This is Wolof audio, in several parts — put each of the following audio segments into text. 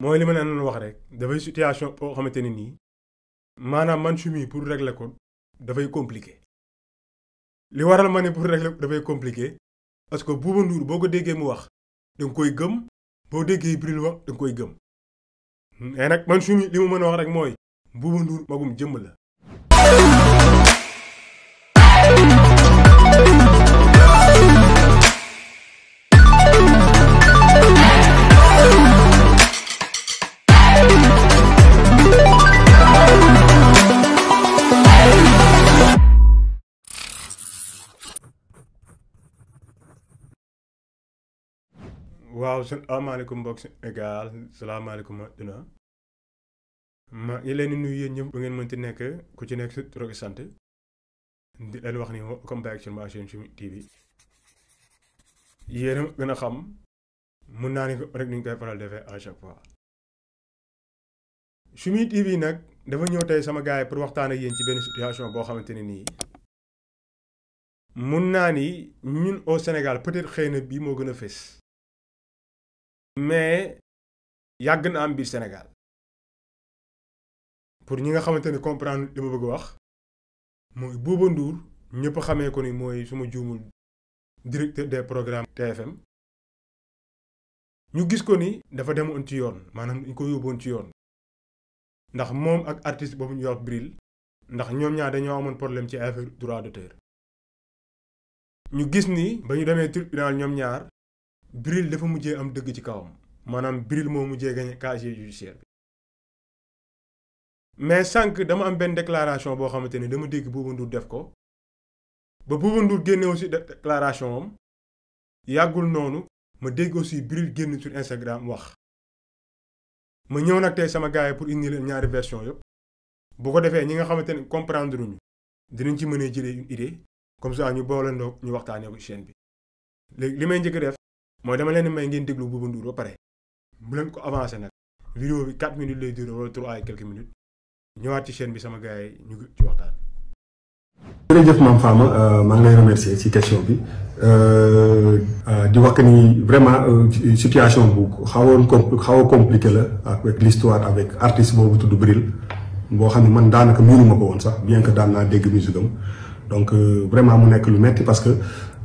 mooy li ma leen wax rek dafay situation boo xamante ne nii maanaam man sumi pour régler ko dafay compliqué li waral ma ne pour régler ko dafay compliqué parce que Bouba nduur boo ko déggee mu wax da nga koy gëm boo déggee Bril wax da nga koy gëm mais nag man chimie li mu mën a wax rek mooy Bouba Ndour magum jëmm la waaw salaamaaleykum mbokk si égal salaamaaleykum adduna ma ngi leen di nuyu yéen ñëpp bu ngeen mënti nekk ku ci nekk si tur ak sant di leen wax ni comme back sur ma chaîne Choumi TV yéen a gën a xam mun naa ni ko rek ni faral defee à chaque nag dafa ñëw tey sama gars yi pour waxtaan yéen ci benn situation boo xamante ne nii mun naa ni ñun au Sénégal peut-être xëy na bii moo gën a fës mais yàgg na am bi senegal pour ñi nga xamante ni comprendre li ma bëgg wax mooy Bouba Ndour ñëpp xamee ko ni mooy suma juumul directeur des programmes TFM ñu gis ko ni dafa demoon ci yoon maanaam ñu ko yóbboon ci yoon ndax moom ak artiste boobu ñuy wax ndax ñoom ñaar dañoo amoon problème ci affaire droit d'auteur ñu gis ni ba ñu demee tribunal ñoom ñaar Bril dafa mujjee am dëgg ci kawam maanaam Bril moo mujjee gagné casier judiciaire bi mais sànq dama am benn déclaration boo xamante ni dama dégg Bouba Ndour def ko ba Bouba Ndour génne aussi déclaration am yàggul noonu ma dégg aussi Bril génn sur Instagram wax ma ñëw nag tey sama gars yi pour indi leen ñaari version yëpp bu ko defee ñi nga xamante ni comprendre ñu dinañ ci mën a jëlee une idée comme ça ñu boolendoog ñu waxtaanee ko chaîne bi léegi li may njëkk def mooy dama leen may ngeen déglu Bouba Ndour ba pare bu leen ko avancé nag vidéo bi 4 minutes lay duré wala 3 ay quelques minutes ñëwaat ci chaîne bi sama gars yi ñu ci waxtaan. jërëjëf Mame Fama euh, maa ngi lay remercier ci question bi euh, euh, di wax que ni vraiment situation bu xawoon compli xaw a compliqué la avec l'histoire avec artiste boobu tudd Bril boo xam ne man daanaka miinu ma ko woon sax bien que daan naa dégg musique am donc vraiment mu nekk lu metti parce que.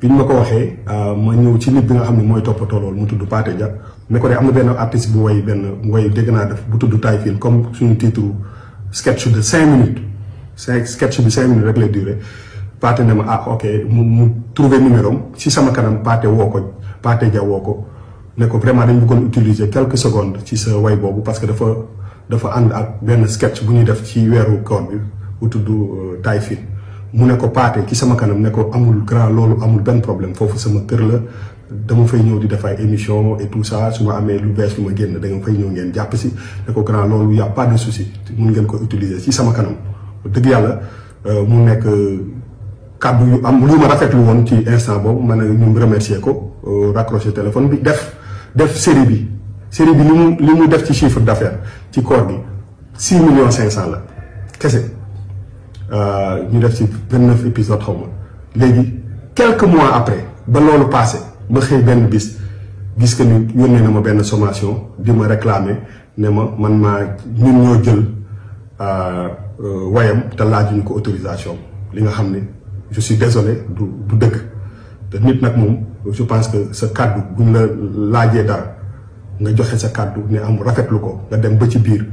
bi ñu ma ko waxee euh, ma ñëw ci nit bi nga xam ne mooy toppatoo loolu mu tudd Pathé Dia ne ko de am na benn artiste bu way benn way dégg naa def bu tudd Taï Fine comme suñu titre sketch de cinq minutes cinq sketch bi cinq minutes rek lay dure Pathé ne ma ah ok mu mu trouvé numéro am ci sama kanam Pathé woo ko Pathé Dia woo ko ne ko vraiment dañ buggoon utiliser quelque secondes ci sa way boobu parce que dafa dafa ànd ak benn sketch bu ñuy def ci weeru ko bi bu tudd euh, Taï Fine mu ne ko paate ki sama kanam ne ko amul grand loolu amul ben problème fofu sama kër la dama fay ñëw di def ay émission et tout ça su ma amee lu bees lu ma génn da nga fay ñëw ngeen japp ci ne ko grand loolu y' a pas de souci mun ngeen ko utiliser ci sama kanam deug yalla euh mu nekk cadeau euh, yu am lu ma rafetlu won ci instant boobu man a ñu remercier ko euh, raccroché téléphone bi def def série bi série bi limu limu def ci chiffre d'affaires ci koor bi 6 millions 500 la kessé euh, ñu def ci vingt neuf épisode xaw ma quelques mois après ba le passé ma xëy ben bis gis que ni yónnee na ma ben sommation di ma réclamer ne ma man ma, ñun ñoo jël euh, euh, wayam te laajuñu ko autorisation li nga je suis désolé du du dëgg te nit n'ak moom je pense que ce cadre, buñ la laajee dara nga joxe sa cadre, ne am rafetlu ko nga dem ba ci biir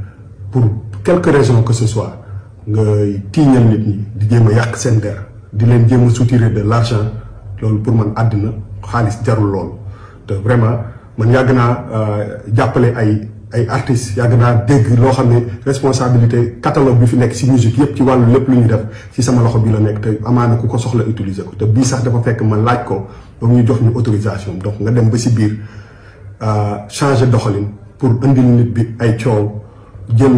pour quelque raison que ce soit nga tiiñal nit ñi di jéem a yàq seen der di leen jéem a soutirer de l'argent loolu pour man àddina xaalis jarul loolu te vraiment man yàgg naa euh, jàppale ay ay artistes yàgg naa dégg loo xam ne responsabilité catalogue bi fi nekk ci musique yépp ci wàllu lépp lu ñu def ci sama loxo bi la nekk te amaana ku ko soxla utiliser ko te bii sax dafa fekk ma laaj ko ba ñu jox ñu autorisation donc nga dem ba si biir euh, changer doxalin pour indil nit bi ay coow. jël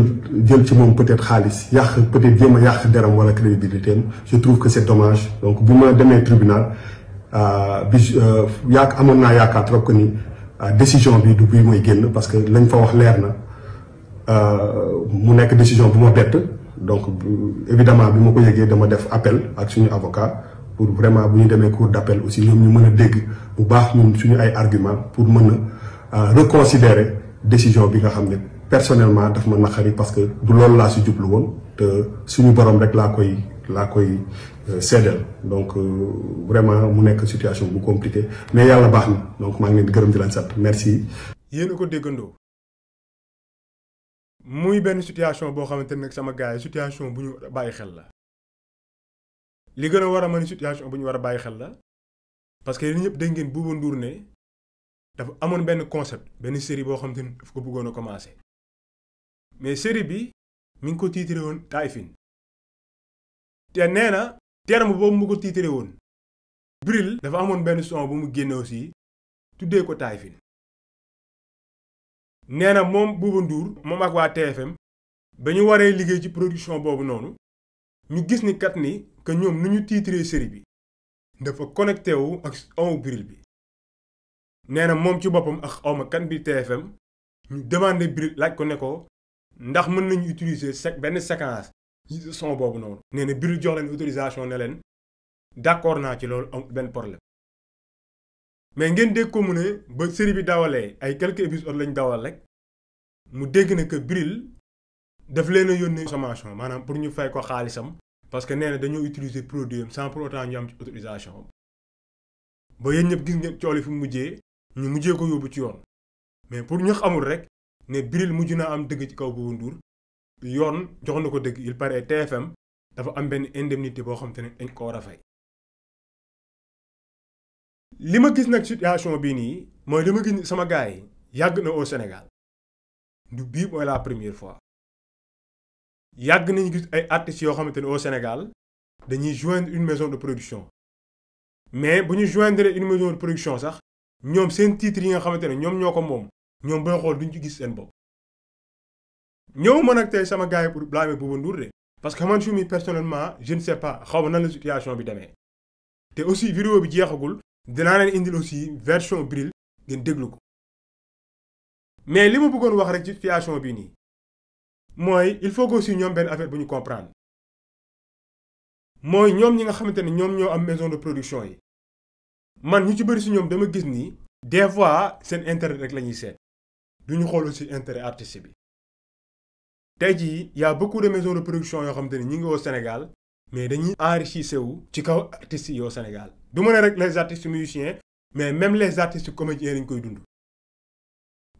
jël ci moom peut-être xaalis yàq peut-être jéem a yàq deram wala crédibilité je trouve que c'est dommage donc bu ma tribunal euh, bi euh, yaak amoon naa yaakaar trop que ni euh, décision bi du bii mooy parce que lañ fa wax leer na mu nekk décision bu ma donc évidemment bi ma ko yëgee dama def appel ak suñu avocat pour vraiment bu ñu demee cour d'appel aussi ñoom ñu mën a dégg bu baax ñun suñu ay argument pour mën reconsidérer décision bi nga xam personnellement daf ma naqari parce que du loolu laa si jublu woon te suñu borom rek laa koy laa koy euh, seddeel donc euh, vraiment mu nekk situation bu compliquée mais yàlla baax na donc maa ngi leen di gërëm di leen sant merci. yéen a ko déggandoo muy benn situation boo xamante ne sama gars situation bu ñu bàyyi xel la li gën a war a mën situation bu ñu war a bàyyi xel la parce que li ñëpp dégg ngeen Bouba Ndour ne dafa amoon benn concept benn série boo xamante ni daf ko bëggoon a commencé. mais série bi mi ngi ko tiitre woon taayfin te nee na terme boobu mu ko tiitre woon bril dafa amoon benn son bu mu génne aussi tuddee ko taayfin nee na moom Bouba Ndour moom ak waa TFM ba ñu waree liggéey ci production boobu noonu ñu gis ni kat ni que ñoom nu ñu tiitre série bi dafa connecté wu ak on bril bi nee na moom ci boppam ak xawma kan bi TFM ñu demandé bril laaj ko ne ko ndax mën nañu utiliser sec benn séquence son boobu noonu. nee na biir jox leen autorisation ne leen d'accord naa ci loolu am benn problème mais ngeen dégg ko mu ne ba série bi dawalee ay quelques épisodes lañ dawal rek mu dégg na que Bril daf leen a yónnee sommation maanaam pour ñu fay ko xaalisam parce que nee na dañoo utiliser produit am sans pour autant ñu am ci autorisation ba yéen ñëpp gis ngeen coole fi mu mujjee ñu mujjee ko yóbbu ci yoon mais pour ñu xamul rek ne Bril mujj naa am dëgg ci kaw bu Ndour yoon jox na ko dëgg il paraît TFM dafa am benn indemnité boo xam te ne dañ ko war a fay. li ma gis nag situation bi nii mooy li ma gis sama gars yi yàgg na au Sénégal du bii mooy la première fois yàgg nañu gis ay artistes yoo xamante ne au Sénégal dañuy joindre une maison de production mais bu ñu joindre une maison de production sax ñoom seen titre yi nga xamante ne ñoom ñoo ko moom ñoom booy xool duñ ci gis seen bopp. ñëw ma nag tey sama gars yi pour blâmer Bouba Ndour de parce que man su mi personnellement je ne sais pas xaw ma nan la situation bi demee. te aussi vidéo bi jeexagul dinaa leen indil aussi version bril ngeen déglu ko. mais li ma bëggoon wax rek ci situation bi nii. mooy il faut que aussi ñoom benn affaire bu ñu comprendre. mooy ñoom ñi nga xamante ne ñoom ñoo am maison de production yi. man ñu ci bëri si ñoom dama gis ni. des fois seen intérêt rek la ñuy seet duñu xool aussi intérêt artiste bi tey jii y' a beaucoup de maisons de production yoo xam te au ñu ngi Sénégal mais dañuy enrichissé wu ci kaw artistes yi au Sénégal du ma ne rek les artistes musiciens mais même les artistes comédiens dañ koy dund.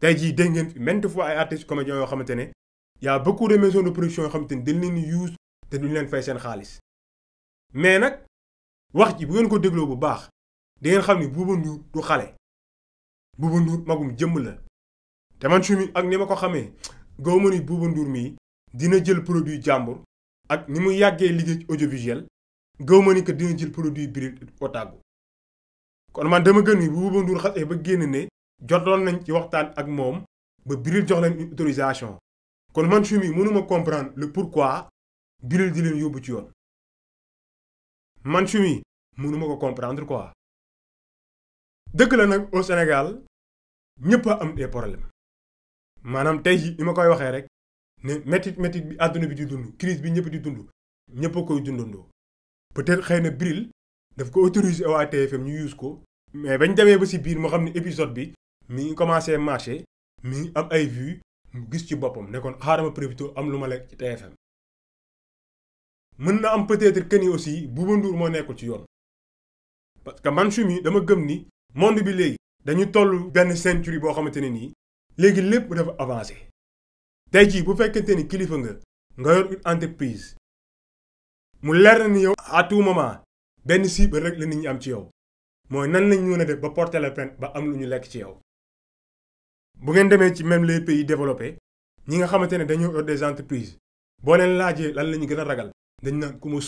tey jii dégg ngeen fi fois ay artistes comédiens yoo xamante ne y' a beaucoup de maisons de production yoo xamante ni dañ leen use te duñ leen fay seen xaalis mais nag wax ji bu ngeen ko dégloo bu baax di ngeen xam ni Bouba du xale Bouba Ndour magum jëmm la. te man Choumi ak ni ma ko xamee gaaw ma ni Bouba Ndour mii dina jël produit jàmbur ak ni mu yàggee liggéey audiovisuel gaaw ma ni que dina jël produit Bril Otago kon man dama gën ni bu Bouba Ndour xasee ba génn ne jotoon nañ ci waxtaan ak moom ba Bril jox leen autorisation kon man Choumi mënuma comprendre le pourquoi Bril di leen yóbbu ci yoon man Choumi mënuma ko comprendre quoi dëgg la nag au Sénégal ñëpp am des problèmes maanaam tey jii ni ma koy waxee rek ne métit métit bi àdduna bi di dund crise bi ñëpp di dund ñëpp koy dundandoo peut-être xëy na Bril daf ko autoriser waa TFM ñu use ko mais bañ demee ba si biir mu xam ne épisode bi mi ngi commencé marché mi ngi am ay vues mu gis ci boppam ne kon xaaral prévito am lu ma lekk ci TFM mën na am peut-être que ni aussi Bouba Ndour moo nekkul ci yoon parce que man su mi dama gëm ni monde bi léegi dañu toll benn century boo xamante ni léegi lépp dafa avancé tey jii bu fekkente ni kilifa nga nga yor une entreprise mu leer na ni yow à tout moment benn cible rek la nit ñi am ci yow mooy nan lañu mën a def ba porter la ba am lu ñu lekk ci yow. bu ngeen demee ci même les pays développés ñi nga xamante ne dañoo yor des entreprises boo leen laajee lan la ñu gën a ragal dañ naan ku ma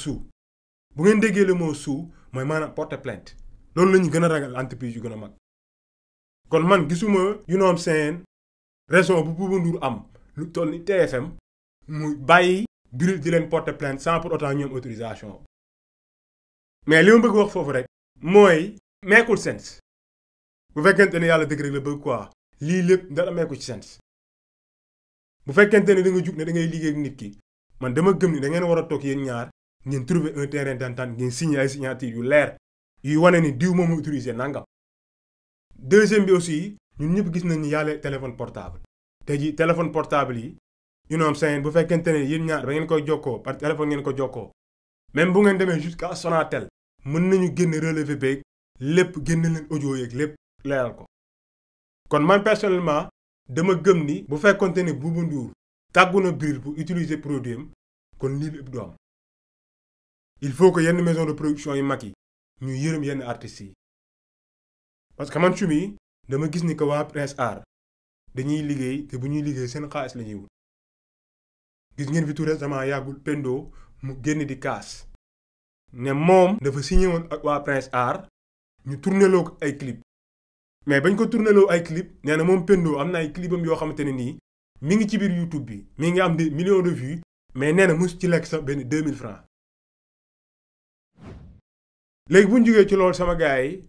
bu ngeen déggee le moo suu mooy maanaam porter plainte loolu la ñu gën a ragal entreprise yu gën a mag. kon man gisuma yu noom seen raison bu Bouba Ndour am lu toll ni TFM mu bàyyi Bril di leen porter plainte sans pour autant ñu am autorisation mais li ma bëgg wax foofu rek mooy meekul sens bu fekkente ni yàlla dëgg rek la bëgg quoi lii lépp dara meeku ci sens bu fekkente ne danga jug ne da ngay liggéey ak nit ki man dama gëm ni da ngeen war a toog yéen ñaar ngeen trouver un terrain d'entente ngeen signé ay signature yu leer yuy wane ni diw moom autorisé nangam deuxième bi aussi ñun ñëpp gis nañ ni yàlla téléphone portable tey ji téléphone portable yi you know what I'm bu fekkente ne yéen ñaar ba ngeen koy jokkoo par téléphone ngeen ko jokkoo même bu ngeen demee jusqu'à Sonatel mën nañu génn relevé beeg lépp génn leen audio yeeg lépp leeral ko kon man personnellement dama gëm ni bu fekkonte ne Bouba Ndour tàggu na Bril pour utiliser produit am kon lii lépp du am il faut que yenn maison de production yi mag yi ñu yërëm yenn artistes yi parce que man su dama gis ni que waa Prince Art dañuy liggéey te bu ñuy liggéey seen xaalis la ñuy wut gis ngeen fi tout récemment yàggul Pendo mu génn di kaas ne moom dafa signé woon ak waa Prince Art ñu tourner ko ay clip mais bañ ko tourner tourneloo ay clip nee na moom Pendo am na ay clipam yoo xamante ne nii mi ngi ci biir YouTube bi mi ngi am des millions de vues mais nee na mos ci lekk sax benn 2000 francs léegi bu ñu ci loolu sama gars yi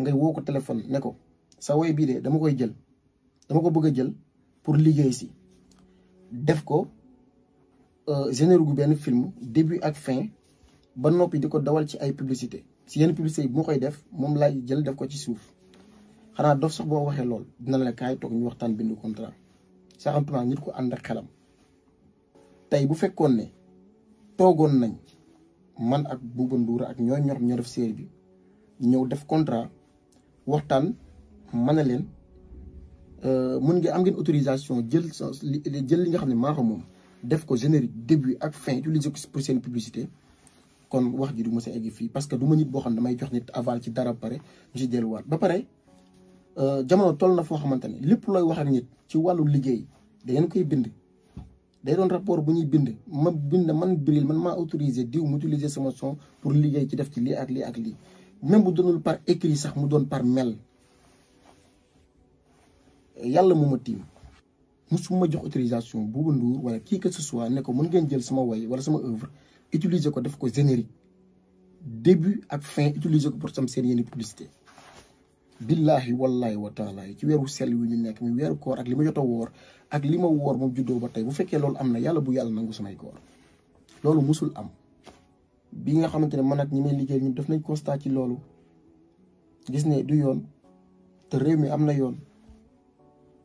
ngay woo ko téléphone ne ko sa woy bii de dama koy jël dama ko bëgg a jël pour liggéey si def ko euh, générique gu benn film début ak fin ba noppi di ko dawal ci ay publicité si yenn publicité bi bu koy def moom laay jël def ko ci suuf xanaa dof sax boo waxee lool dina la kaay toog ñu waxtaan bindu contrat saxantuma nit ko ànd ak xelam tey bu fekkoon ne toogoon nañ man ak Bouba Ndour ak ñoo ñor ñoo def bi ñëw def contrat waxtaan mën na leen euh, mun nga am ngeen autorisation jël jël li nga xam ne maa ko moom def ko générique début ak fin utiliser pour seen publicité kon wax ji du mës a egg fii parce que du ma nit boo xam ne damay jox nit aval ci dara pare ñu si delluwaat ba pare euh, jamono toll na foo xamante ne lépp looy wax ak nit ci wàllu liggéey da ngeen koy bind day doon rapport bu ñuy bind ma bind man Bril man maa autorisé diw mu utiliser sama son pour liggéey ci def ci lii ak lii ak lii même bu doonul par écrit sax mu don par mel yalla mu motim musuma jox autorisation bu Ndour wala ki que ce soit ne ko mën ngeen jël sama way wala sama œuvre utiliser ko def ko générique début ak fin utiliser ko pour sam seen yenn publicité billahi wallahi wa taala ci wéru sel wi ñu nekk mi wéru koor ak lima ma wor ak lima wor woor juddo ba tay bu fekkee lool amna yalla bu yalla nangu sama koor lool musul am bi nga xamante man ak ñi may liggéey ñu def nañ constat ci loolu gis ne du yoon te réew mi am na yoon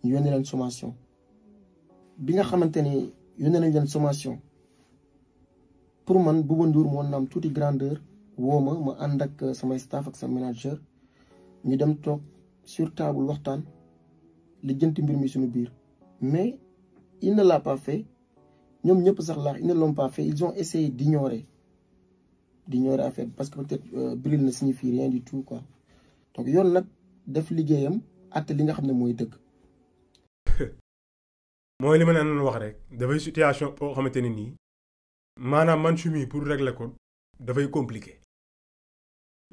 ñu yónnee leen sommation bi nga xamante ne yónnee nañ leen sommation pour man Bouba Ndour moo na am tuuti grandeur woo ma ma ànd ak samay staff ak sa manager ñu dem toog sur table waxtaan li jënti mbir mi suñu biir mais il ne l'a pas fait ñoom ñëpp sax laax ils ne l'ont pas fait ils ont essayé d'ignorer d'ignorer affaire bi parce que peut-être euh, brûle ne signifie rien du tout quoi yoon nag def liggéeyam àtte li nga xam ne mooy dëgg. mooy li ma leen doon wax rek dafay situation boo xamante ne nii maanaam man su pour régler ko dafay compliqué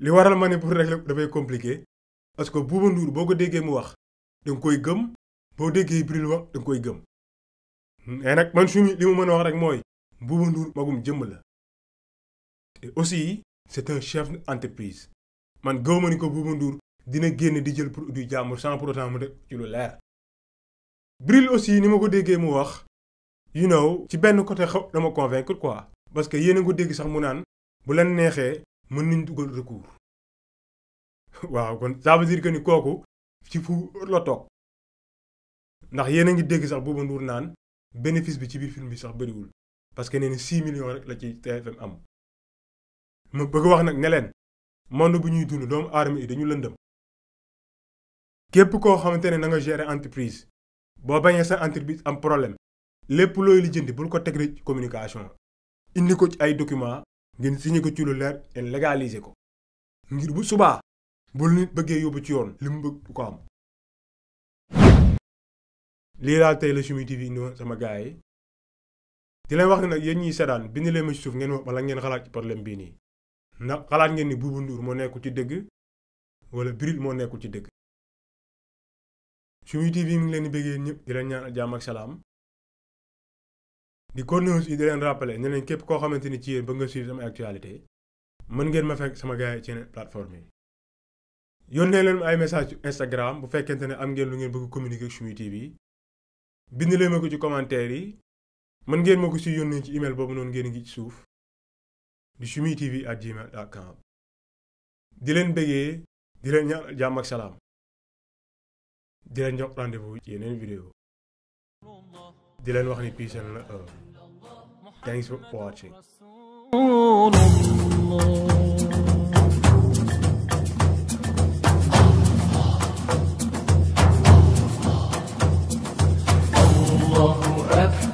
li waral ma ne pour régler ko dafay compliqué parce que Bouba Ndour boo ko déggee mu wax da koy gëm boo déggee Bril wax da koy gëm mais nag man sumi li mu mën a wax rek mooy Bouba Ndour magum jëmm la et aussi c'est un chef d'entreprise man gëw ma ko Bouba Ndour dina génn di jël produit jàmbur sans pour autant mu def ci lu leer. Bril aussi ni ma ko déggee mu wax you know ci benn côté xaw dama convaincre quoi parce que yéen a ko dégg sax mu naan bu leen neexee mën nañ dugal recours. waaw kon ça veut ni kooku ci fu la toog ndax yéen a ngi dégg sax Bouba nduur naan bénéfice bi ci biir film bi sax bëriwul parce que nee na 6 rek la ci TFM am. ma bëgg wax nag ne leen monde bu ñuy dund doomu aadama yi dañu lëndëm képp koo xamante ne na nga entreprise boo bañee sa entreprise am problème lépp looy lijjanti bul ko teg rek communication indi ko ci ay documents ngeen signé ko ci lu leer et légaliser ko ngir bu subaa bul nit bëggee yóbbu ci yoon li mu bëgg ko am. lii daal tey la Choumi TV indi woon sama gars yi di leen wax ne nag yéen ñiy seddaan bind leen ma ci suuf ngeen wala ngeen xalaat ci problème bii nii. ndax xalaat ngeen ni Bouba Ndour moo nekkul ci dëgg wala Bril moo nekkul ci dëgg suñu TV mi ngi leen di bëggee ñëpp di leen ñaanal jàmm ak salaam di continuer yi di leen rappeler ne képp koo xamante ni ci yéen ba nga suivre sama actualité mën ngeen ma fekk sama gars yi ci yeneen plateforme yi. yónnee leen ay message ci Instagram bu fekkente ne am ngeen lu ngeen bëgg communiquer Choumi TV bind leen ma ko ci commentaire yi mën ngeen ma ko si yónnee ci email boobu noonu ngeen ngi ci suuf di chumi tv at gmail.com di len bëggee di len ñaan jàmm ak salam di len jox rendez vous ci yeneen vidéo di len wax ni peace and love thanks for watching الله أكبر